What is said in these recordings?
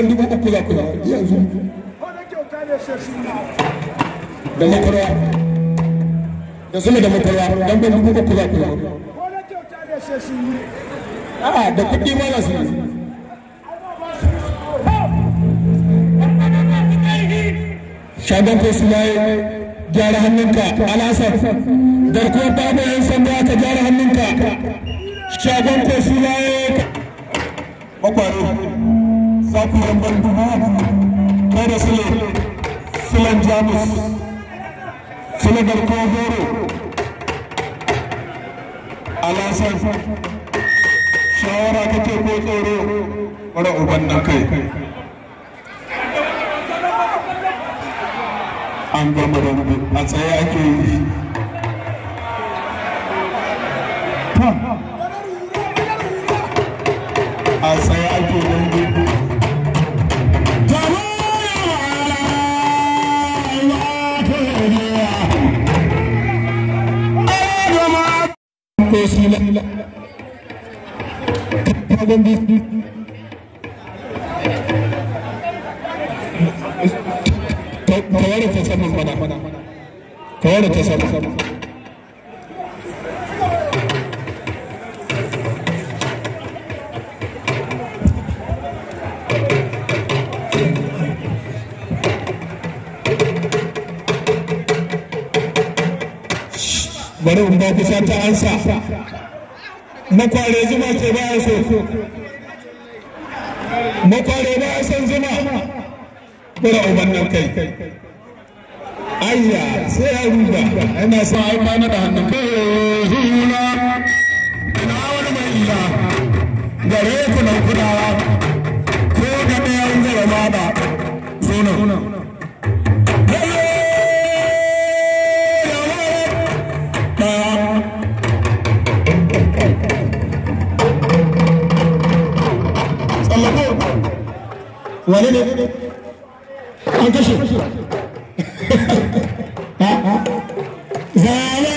kamar dubu uku za ku yanzu da makara da suna da makara dan ban dubu uku za ku a'a da kuɗi ma na su shagon ko su yayi gyara hannunka alasar ko babu yan sanda ka gyara hannunka shagon ko su yayi bakwaro karan ban dubu kai da sule jamus sule garko goro alasan shawara kake ko tsoro mara uban nan kai a a la tagon bi kawar ta saman mana bari in ba kusa ta ansa makware zuma ce ba ya so makware ba ya son zuma kura uban nan kai ayya sai ya ruba ina sa ai ba na da hannun kai zuna eh, ina wani mai ila gare ku na kuda kware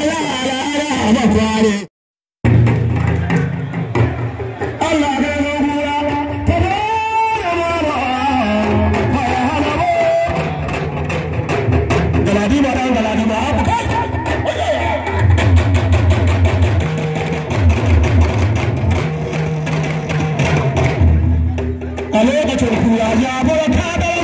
a lokacin kura ya bura ta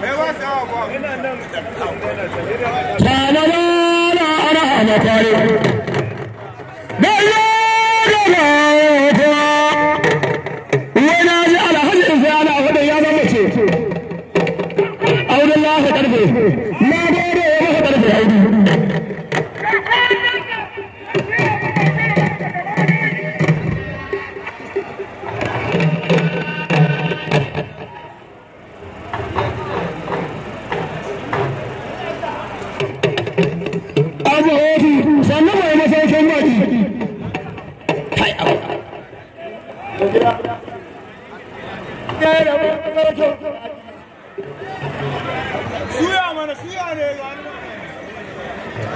Canada, Canada, Canada,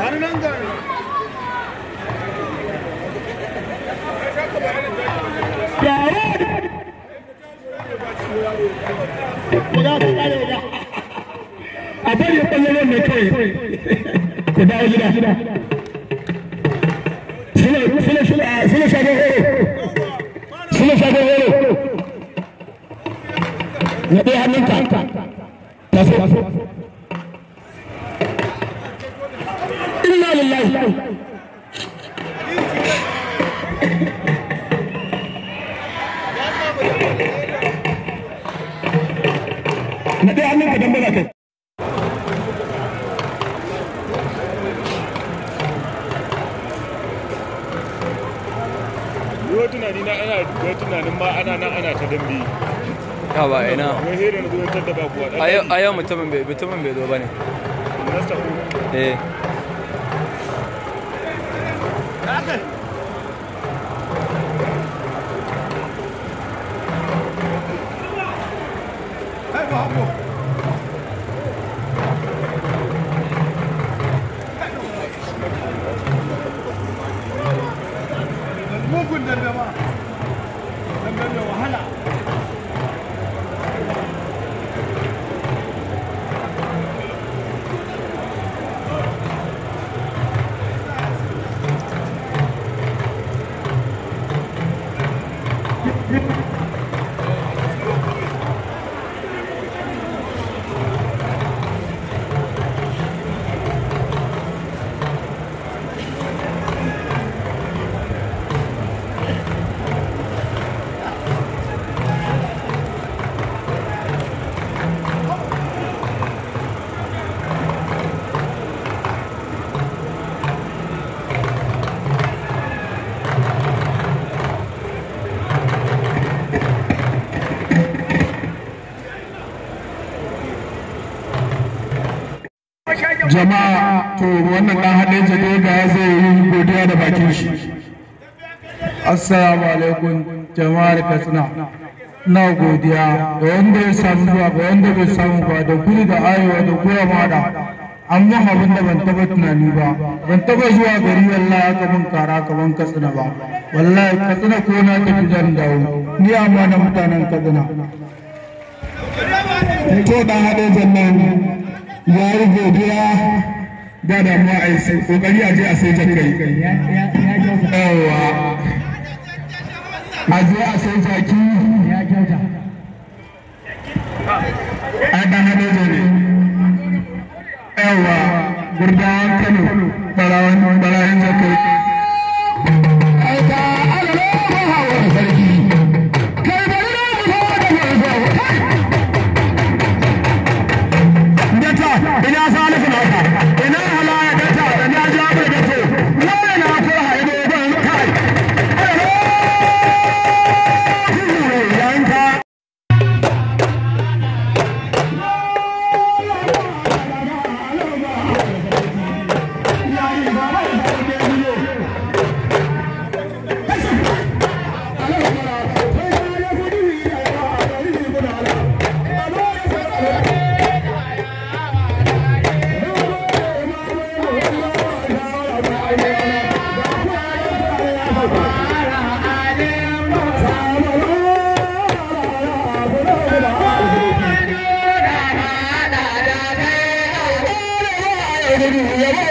a bari ya ne wannan tunani ana da tunanin ma ana nan ana ta dambe ya ba ina a yau mutumin bai mutumin bai zo eh jama'a to wannan dan hadin jade ga zai yi godiya da bakin shi assalamu alaikum jama'ar katsina na godiya ga wanda ya samu zuwa ga wanda bai samu ba da kudu da arewa da gura mada an mun abin da ban taba tunani ba ban taba zuwa gari wallahi aka mun kara kaman katsina ba wallahi katsina ko na fi zan dawo ni amma na mutanen katsina ko dan haɗe jannan ya godiya ga damuwa a yi kokari a je a sai jakai kai yawa a je a sai jaki a dan hado jere yawa gurdawan kano barawan jakai Gracias.